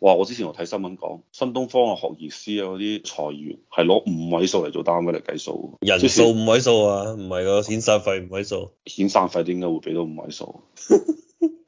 哇！我之前我睇新聞講，新東方啊、學而思啊嗰啲裁員係攞五位數嚟做單位嚟計數，人數五位數啊，唔係個遣散費五位數，遣散費點解會俾到五位數？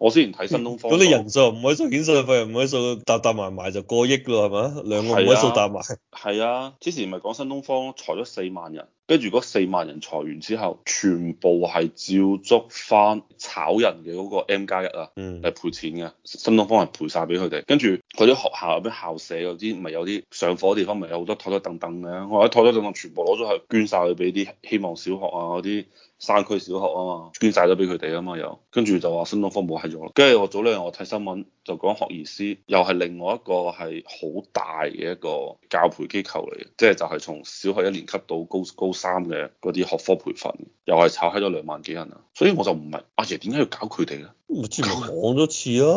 我之前睇新，、嗯啊啊、新東方，咁你人數唔可以數遣薪費，又唔可以數搭搭埋埋就過億咯，係咪啊？兩個唔可以數搭埋。係啊，之前咪講新東方裁咗四萬人，跟住嗰四萬人裁完之後，全部係照足翻炒人嘅嗰個 M 加一啊，嚟賠錢嘅。嗯、新東方係賠晒俾佢哋，跟住佢啲學校入邊校舍嗰啲，咪有啲上課地方，咪有好多台桌凳凳嘅，我喺台桌凳全部攞咗去捐晒去俾啲希望小學啊嗰啲。山區小學啊嘛，捐晒咗俾佢哋啊嘛，又跟住就話新東方冇喺咗。跟住我早兩日我睇新聞就講學而思，又係另外一個係好大嘅一個教培機構嚟嘅，即係就係從小學一年級到高高三嘅嗰啲學科培訓，又係炒閪咗兩萬幾人啊。所以我就唔係阿爺點解要搞佢哋啊？唔知前講咗幾次啊，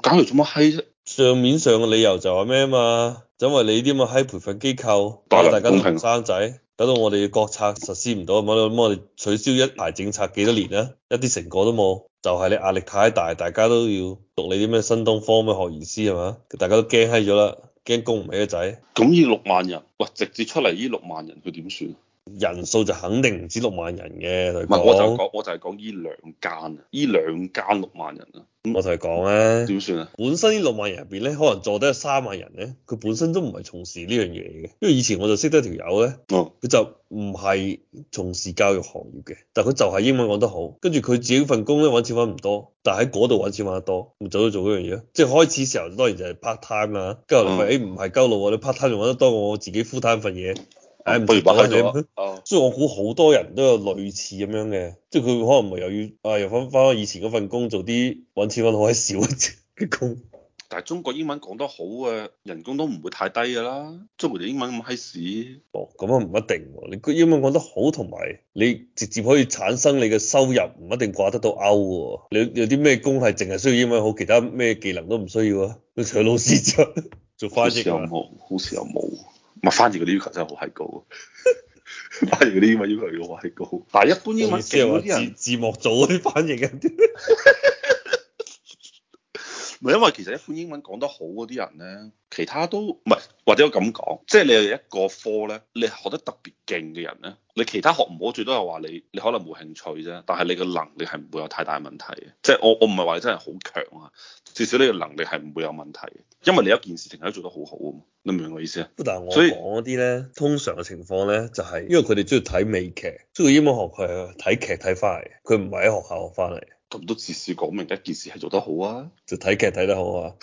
搞嚟做乜閪啫？上面上嘅理由就係咩啊嘛？就因為你啲咁嘅喺培訓機構，大，力搞到大家同生仔，搞到我哋嘅國策實施唔到，咁 我哋取消一孩政策幾多年啊？一啲成果都冇，就係、是、你壓力太大，大家都要讀你啲咩新東方咩學而思係嘛？大家都驚嗨咗啦，驚供唔起個仔。咁呢六萬人，喂，直接出嚟呢六萬人佢點算？人數就肯定唔止六萬人嘅。我就講，我就係講呢兩間啊，呢兩間六萬人啊。我同你講啊，點算啊？本身呢六萬人入邊咧，可能坐得有三萬人咧，佢本身都唔係從事呢樣嘢嘅。因為以前我就識得條友咧，佢、哦、就唔係從事教育行業嘅，但係佢就係英文講得好。跟住佢自己份工咧，揾錢揾唔多，但係喺嗰度揾錢揾得多，做都做嗰樣嘢。即係開始時候當然就係 part time 啦，跟住後，誒，唔係鳩路喎，你 part time 仲揾得多過我自己 full time 份嘢。唉、哎，不如擺喺度。所以我估好多人都有類似咁樣嘅，哦、即係佢可能咪又要，啊，又翻翻以前嗰份工做啲揾錢揾好閪少嘅工。但係中國英文講得好嘅、啊，人工都唔會太低㗎啦。中國哋英文咁閪屎。哦，咁啊唔一定喎、啊。你英文講得好同埋你直接可以產生你嘅收入，唔一定掛得到歐喎、啊。你有啲咩工係淨係需要英文好，其他咩技能都唔需要啊？除咗老師出、嗯、做翻譯啊？好似又冇，好似又冇。咪翻譯嗰啲要求真係好係高， 翻譯嗰啲英文要求好係高，但係一般英文嘅字字幕組嗰啲翻譯人。 因為其實一般英文講得好嗰啲人咧，其他都唔係或者我咁講，即係你係一個科咧，你學得特別勁嘅人咧，你其他學唔好，最多係話你你可能冇興趣啫。但係你嘅能力係唔會有太大問題嘅，即係我我唔係話你真係好強啊，至少你嘅能力係唔會有問題，因為你有一件事情係都做得好好啊嘛。你明唔明我意思啊？咁但係我講嗰啲咧，所以通常嘅情況咧就係因為佢哋中意睇美劇，中意英文學佢啊，睇劇睇翻嚟，佢唔係喺學校學翻嚟。咁都只係講明一件事係做得好啊，就睇劇睇得好啊。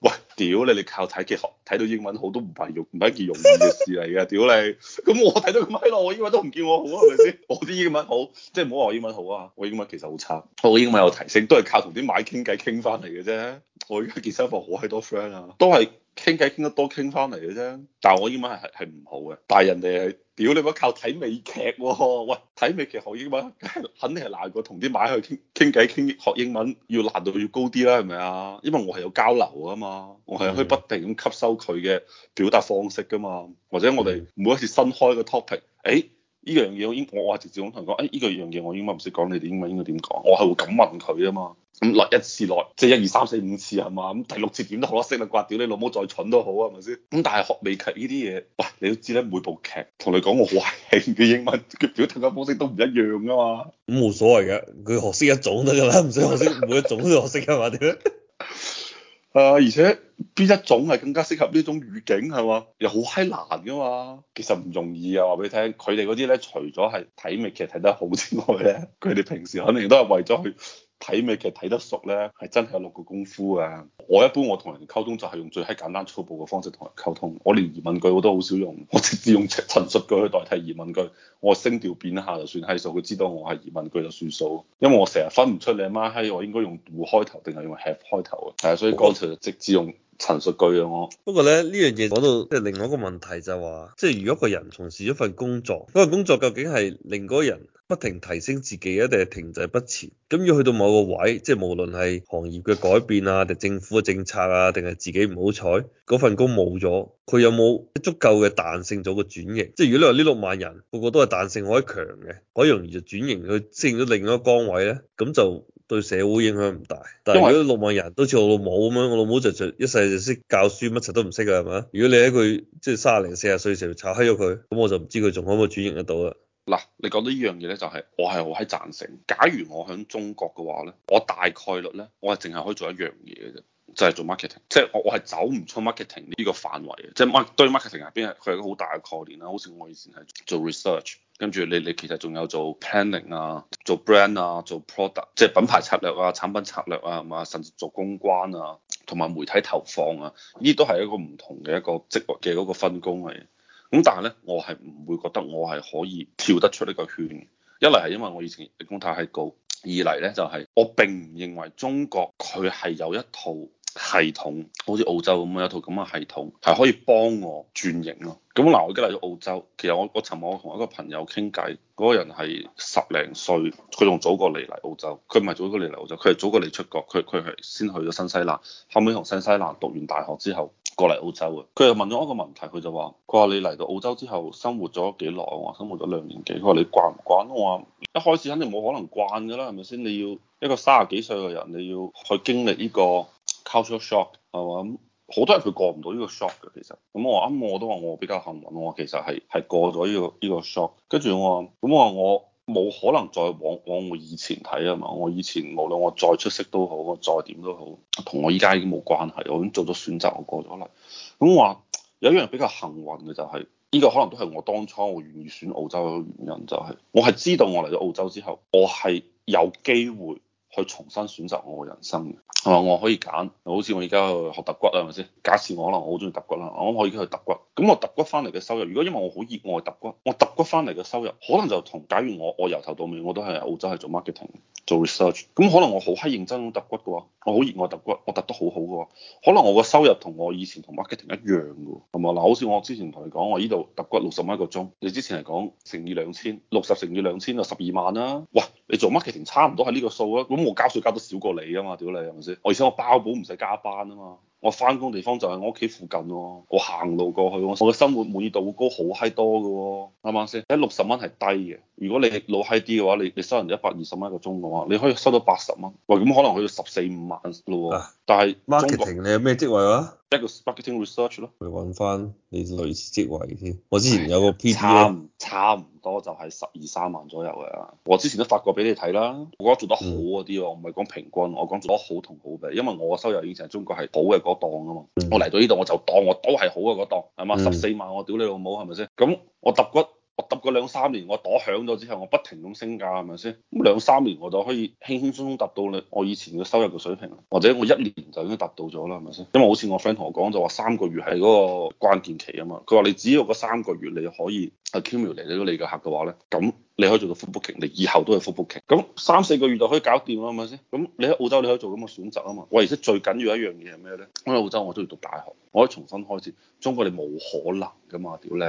喂，屌你！你靠睇劇學睇到英文好都唔係容，唔係一件容易嘅事嚟嘅。 屌你！咁我睇到咁閪耐，我，我英文都唔見我好啊，係咪先？我啲英文好，即係唔好話我英文好啊。我英文其實好差，我英文有提升，都係靠同啲買傾偈傾翻嚟嘅啫。而 我而家健身房好閪多 friend 啊，都係。傾偈傾得多，傾翻嚟嘅啫。但係我英文係係唔好嘅。但係人哋係屌你乜靠睇美劇喎，哦？喂，睇美劇學英文，肯定係難過同啲買去傾傾偈傾學英文要難度要高啲啦，係咪啊？因為我係有交流啊嘛，我係可以不停咁吸收佢嘅表達方式噶嘛。或者我哋每一次新開個 topic，誒、哎、呢樣嘢我英我係直接咁同佢講，誒呢個樣嘢我英文唔識講，你哋英文應該點講？我係會咁問佢啊嘛。咁落一次落，即係一二三四五次係嘛？咁第六次點都學得識啦，刮屌你老母再蠢都好，係咪先？咁但係學美劇呢啲嘢，喂，你都知咧，每部劇同你講我壞嘅英文嘅表達方式都唔一樣噶嘛？咁無所謂嘅，佢學識一種得噶啦，唔使學識每一種都學識係嘛啊，而且邊一種係更加適合呢種語境係嘛？又好閪難噶嘛，其實唔容易啊！話俾你聽，佢哋嗰啲咧，除咗係睇美劇睇得好之外咧，佢哋平時肯定都係為咗去。睇咩劇睇得熟咧，係真係有六個功夫啊。我一般我同人溝通就係用最閪簡單粗暴嘅方式同人溝通。我連疑問句我都好少用，我直接用陳述句去代替疑問句。我聲調變下就算係數，佢知道我係疑問句就算數。因為我成日分唔出你阿媽閪，我應該用 do 開頭定係用 have 開頭啊。係啊，所以嗰次就直接用。陳述句啊！哦，不過咧呢樣嘢講到即係另外一個問題就係話，即係如果一個人從事一份工作，嗰份工作究竟係令嗰個人不停提升自己啊，定係停滯不前？咁要去到某個位，即係無論係行業嘅改變啊，定政府嘅政策啊，定係自己唔好彩，嗰份工冇咗，佢有冇足夠嘅彈性做個轉型？即係如果你話呢六萬人個個都係彈性可以強嘅，可以容易就轉型去適應到另一個崗位咧，咁就～對社會影響唔大，但係如果六萬人都似為我老母咁樣，我老母就就一世就識教書，乜柒都唔識嘅係咪啊？如果你喺佢即係卅零四十歲時候炒閪咗佢，咁我就唔知佢仲可唔可以轉型得到啦、啊。嗱、就是，你講到呢樣嘢咧，就係我係好閪贊成。假如我喺中國嘅話咧，我大概率咧，我係淨係可以做一樣嘢嘅啫，就係、是、做 marketing，即係我我係走唔出 marketing 呢個範圍嘅，即、就、係、是、marketing marketing 入邊，佢係一個好大嘅概念啦。好似我以前係做 research。跟住你，你其實仲有做 planning 啊，做 brand 啊，做 product，即係品牌策略啊，產品策略啊，係嘛，甚至做公關啊，同埋媒體投放啊，呢啲都係一個唔同嘅一個職業嘅嗰個分工嚟。咁但係咧，我係唔會覺得我係可以跳得出呢個圈。一嚟係因為我以前工資太，太高，二嚟咧就係、係、我並唔認為中國佢係有一套。系統好似澳洲咁樣，一套咁嘅系統係可以幫我轉型咯。咁嗱，我而家嚟到澳洲，其實我我尋日我同一個朋友傾偈，嗰個人係十零歲，佢仲早過嚟嚟澳洲，佢唔係早過嚟嚟澳洲，佢係早過嚟出國，佢佢係先去咗新西蘭，後尾同新西蘭讀完大學之後過嚟澳洲嘅。佢又問咗一個問題，佢就話，佢話你嚟到澳洲之後生活咗幾耐？我話生活咗兩年幾。佢話你慣唔慣？我話一開始肯定冇可能慣㗎啦，係咪先？你要一個三十幾歲嘅人，你要去經歷呢個。Culture shock 係嘛？好多人佢過唔到呢個 shock 嘅其實。咁我話，我都話我比較幸運，我其實係係過咗呢個呢個 shock。跟住我話，咁我話，我冇可能再往往我以前睇啊嘛。我以前無論我再出色都好，我再點都好，同我依家已經冇關係。我已經做咗選擇，我過咗嚟。咁我話有一樣比較幸運嘅就係，呢個可能都係我當初我願意選澳洲嘅原因，就係我係知道我嚟咗澳洲之後，我係有機會去重新選擇我嘅人生係嘛？我可以揀，好似我而家去學揼骨啊，係咪先？假設我可能我好中意揼骨啦，我咁可以去揼骨。咁我揼骨翻嚟嘅收入，如果因為我好熱愛揼骨，我揼骨翻嚟嘅收入，可能就同假如我我由頭到尾我都係澳洲係做 marketing 做 research，咁可能我好乞認真揼骨嘅話，我好熱愛揼骨，我揼得好好嘅話，可能我嘅收入同我以前同 marketing 一樣嘅喎，係嘛？嗱，好似我之前同你講我依度揼骨六十蚊一個鐘，你之前嚟講乘以兩千，六十乘以兩千就十二萬啦、啊，哇！你做乜？marketing 差唔多係呢個數啊，咁我交稅交得少過你啊嘛，屌你係咪先？我而且我包保唔使加班啊嘛，我翻工地方就係我屋企附近咯，我行路過去，我嘅生活滿意度會高好閪多嘅喎、哦，啱唔啱先？喺六十蚊係低嘅。如果你係老閪啲嘅話，你你收人一百二十蚊一個鐘嘅話，你可以收到八十蚊。喂，咁可能去到十四五萬嘞喎。啊、但係 marketing 你有咩職位啊？一個 marketing research 咯，你揾翻你類似職位添。我之前有個 p d 差唔多，多就係十二三萬左右嘅。我之前都發過俾你睇啦。我覺得做得好嗰啲，嗯、我唔係講平均，我講做得好同好嘅，因為我收入以前喺中國係好嘅嗰檔啊嘛。嗯、我嚟到呢度我就當我都係好嘅嗰檔，係嘛？十四、嗯、萬我屌你老母係咪先？咁我揼骨。我揼嗰兩三年，我打響咗之後，我不停咁升價，係咪先？咁兩三年我就可以輕輕鬆鬆達到你我以前嘅收入嘅水平，或者我一年就已經達到咗啦，係咪先？因為好似我 friend 同我講就話，三個月係嗰個關鍵期啊嘛，佢話你只要嗰三個月你可以啊 e 嚟到你嘅客嘅話咧，咁。你可以做到 f u l 你以後都係 f u l 咁三四個月就可以搞掂啦，係咪先？咁你喺澳洲你可以做咁嘅選擇啊嘛。我即係最緊要一樣嘢係咩咧？我喺澳洲我都要讀大學，我可以重新開始。中國你冇可能噶嘛，屌你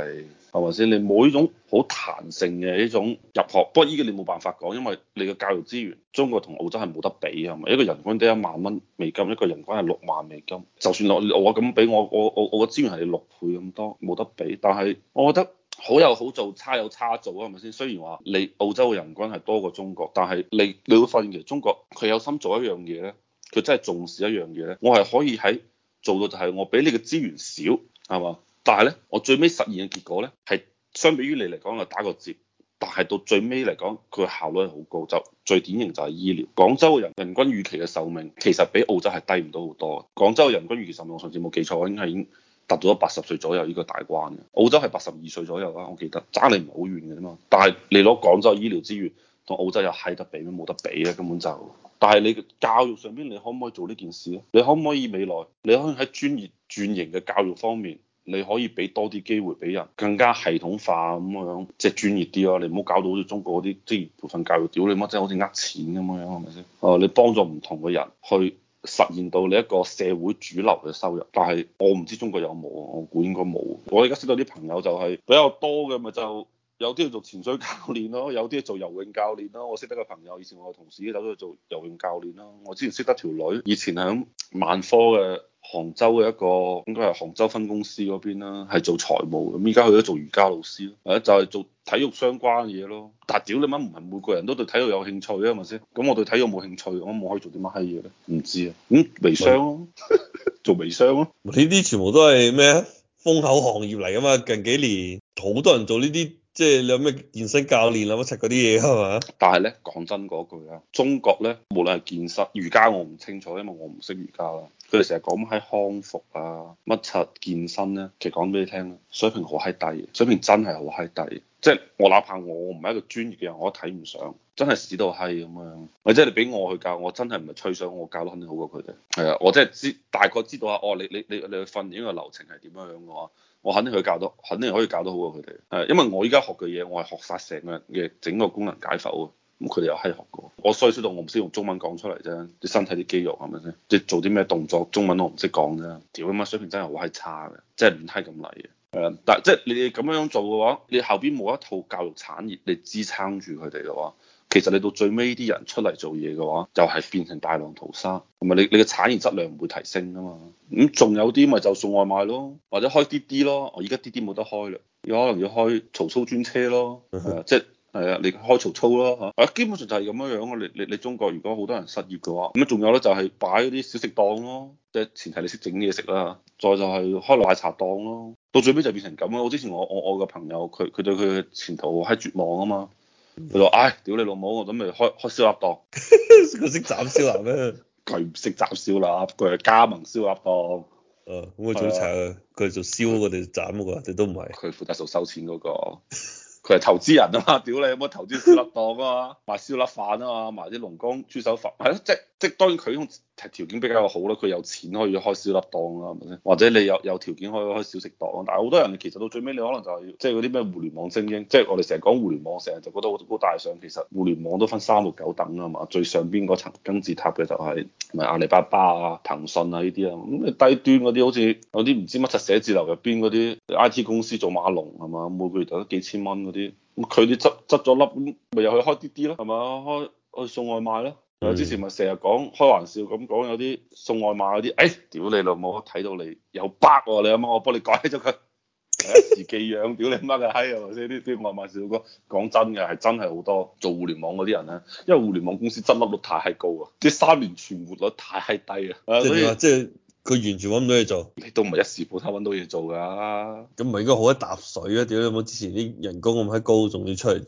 係咪先？你冇呢種好彈性嘅呢種入學。不過依個你冇辦法講，因為你嘅教育資源，中國同澳洲係冇得比啊嘛。一個人均得一萬蚊美金，一個人均係六萬美金。就算我我咁俾我我我我嘅資源係六倍咁多，冇得比。但係我覺得。好有好做，差有差做啊，係咪先？雖然話你澳洲嘅人均係多過中國，但係你你會發現其實中國佢有心做一樣嘢咧，佢真係重視一樣嘢咧。我係可以喺做到，就係我俾你嘅資源少，係嘛？但係咧，我最尾實現嘅結果咧，係相比於你嚟講係打個折，但係到最尾嚟講，佢效率係好高。就最典型就係醫療，廣州嘅人人均預期嘅壽命其實比澳洲係低唔到好多。廣州嘅人均預期壽命，我上次冇記錯，我應該係已經。達到咗八十歲左右呢個大關嘅，澳洲係八十二歲左右啊。我記得，爭嚟唔係好遠嘅啫嘛。但係你攞廣州醫療資源同澳洲又閪得比咩？冇得比啊，根本就。但係你教育上邊，你可唔可以做呢件事咧？你可唔可以未來，你可以喺專業轉型嘅教育方面，你可以俾多啲機會俾人，更加系統化咁樣，即係專業啲咯。你唔好搞到好似中國嗰啲職業培訓教育屌你媽，即係好似呃錢咁樣，係咪先？哦，你幫助唔同嘅人去。實現到你一個社會主流嘅收入，但係我唔知中國有冇啊，我估應該冇。我而家識到啲朋友就係比較多嘅，咪就有啲做潛水教練咯，有啲做游泳教練咯。我識得個朋友，以前我同事都走咗去做游泳教練啦。我之前識得條女，以前喺萬科嘅。杭州嘅一個應該係杭州分公司嗰邊啦，係做財務咁。依家去咗做瑜伽老師咯，就係、是、做體育相關嘅嘢咯。但屌你媽唔係每個人都對體育有興趣啊，係咪先？咁我對體育冇興趣，我可唔可以做啲乜閪嘢咧？唔知、嗯、啊，咁微商咯， 做微商咯、啊。呢啲全部都係咩啊？風口行業嚟㗎嘛，近幾年好多人做呢啲，即、就、係、是、你有咩健身教練啊乜柒嗰啲嘢啊嘛。但係咧講真嗰句啊，中國咧無論係健身瑜伽，我唔清楚，因為我唔識瑜伽啦。佢哋成日講喺康復啊，乜柒健身咧，其實講俾你聽咧，水平好閪低，水平真係好閪低。即係我哪怕我唔係一個專業嘅人，我都睇唔上，真係屎到閪咁樣。或者你俾我去教，我真係唔係吹水，我教得肯定好過佢哋。係啊，我真係知大概知道啊。哦，你你你你去訓練依個流程係點樣樣嘅話，我肯定去教得，肯定可以教得好過佢哋。誒，因為我依家學嘅嘢，我係學曬成個人嘅整個功能解剖。咁佢哋又係學過，我所以出到我唔識用中文講出嚟啫。你身體啲肌肉係咪先？即係做啲咩動作，中文我唔識講啫。屌咁啊，水平真係好閪差嘅，即係亂閪咁嚟嘅。誒，但即係你哋咁樣做嘅話，你後邊冇一套教育產業嚟支撐住佢哋嘅話，其實你到最尾啲人出嚟做嘢嘅話，就係變成大浪淘沙，同埋你你嘅產業質量唔會提升噶嘛。咁仲有啲咪就送外賣咯，或者開滴滴咯。我而家滴滴冇得開啦，有可能要開曹操專車咯，係啊，即係。係啊，你開曹操咯吓，啊基本上就係咁樣樣咯。你你你中國如果好多人失業嘅話，咁啊仲有咧就係擺啲小食檔咯，即係前提你識整嘢食啦。再就係開奶茶檔咯，到最尾就變成咁咯。我之前我我我嘅朋友，佢佢對佢嘅前途係絕望啊嘛。佢話：唉，屌你老母，我準備開開燒鴨檔。佢識斬燒鴨咩？佢唔識斬燒鴨，佢係加盟燒鴨檔。誒、嗯，咁啊最慘嘅，佢做燒嗰哋斬嗰個，都唔係佢負責做收錢嗰個。係投資人啊嘛，屌你有冇投資？燒臘檔啊嘛，賣燒臘飯啊嘛，賣啲農工豬手飯，係咯，即即當然佢用。係條件比較好啦，佢有錢可以開小粒檔啦，係咪先？或者你有有條件可以開小食檔，但係好多人其實到最尾你可能就係即係嗰啲咩互聯網精英，即係我哋成日講互聯網，成日就覺得好高大上，其實互聯網都分三六九等啊嘛，最上邊嗰層金字塔嘅就係咪阿里巴巴啊、騰訊啊呢啲啊，咁你低端嗰啲好似有啲唔知乜柒寫字樓入邊嗰啲 I T 公司做馬龍係嘛，每個月得幾千蚊嗰啲，咁佢啲執執咗粒咪又去開滴滴咯，係咪啊？開去送外賣咧。嗯、之前咪成日講開玩笑咁講有啲送外賣嗰啲，誒、哎，屌你老母，睇到你又北喎，你阿媽我幫你改咗佢，自欺樣，屌你媽嘅閪啊，呢啲外賣小哥，講真嘅係真係好多做互聯網嗰啲人咧，因為互聯網公司執笠率太係高啊，即係三年存活率太係低啊，所以即係佢完全搵唔到嘢做，你都唔係一時半刻搵到嘢做噶，咁咪係應該好一沓水啊？屌你老母，之前啲人工咁閪高，仲要出嚟，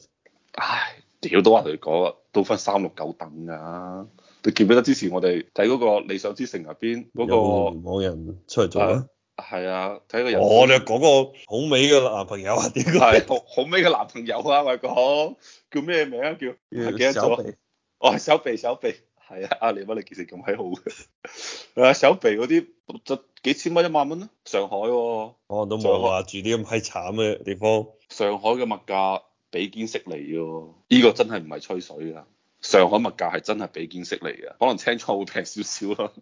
唉，屌都話同你講。到翻三六九等噶，啊，你記唔記得之前我哋睇嗰個理想之城入邊嗰個香港人出嚟做咧？係啊，睇、啊、個人。我哋講個好美嘅男朋友啊，點解係好美嘅男朋友啊？我哋講叫咩名叫叫啊？叫唔記得咗。我係手臂，手臂。係啊！你乜你幾時咁閪好嘅？手臂嗰啲就幾千蚊一萬蚊啊？上海、啊。我人、啊、都冇話住啲咁閪慘嘅地方。啊、地方上海嘅物價比堅息利嘅，呢個真係唔係吹水噶。上海物價係真係比堅息利嘅，可能青菜會平少少咯。